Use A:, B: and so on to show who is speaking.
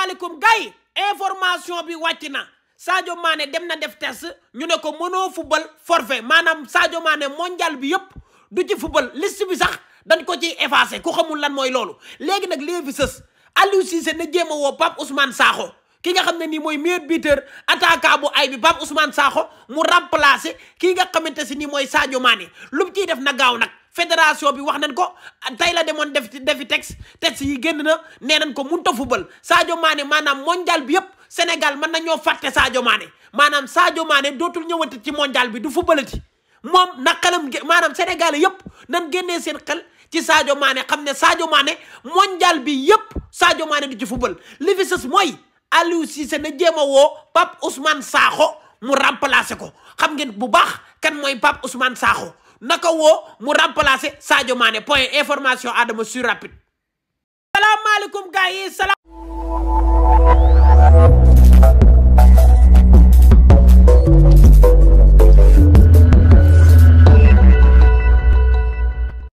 A: asalaamaaleykum gars yi information bi wàcc na Sadio maane dem na def test ñu ne ko mënoo football forfait maanaam saajo maane mondial bi yëpp du ci football liste bi sax dañ ko ciy effacé ku xamul lan mooy loolu léegi nag léegi fi sës Aliou Cissé na jéem a woo Pape Ousmane Sakho ki nga xam ne nii mooy meilleur buteur attaquant bu ay bi Pape Ousmane Sakho mu remplacé kii nga xamante si nii mooy saajo maane lu mu def na gaaw nag. fédération bi wax nañ ko tey la demoon def defi texte texte yi génn na nee nañ ko mënut a fubal Sadio maane maanaam mondial bi yëpp Sénégal mën nañoo fàtte Sadio maane maanaam Sadio Mané dootul ñëwati ci mondial bi du fubalati moom na xelam maanaam Sénégal yëpp nan génne seen xel ci saajo maane xam ne Sadio maane mondial bi yëpp saajo maane du ci fubal li fi sës mooy Aliou Cissé na jéem a woo Pape Ousmane Sakho mu remplacer ko xam ngeen bu baax kan mooy Pape Ousmane Sakho. naka woo mu remplacer Sadio Mané point information Adama sur rapide salaamaaleykum gars yi salaam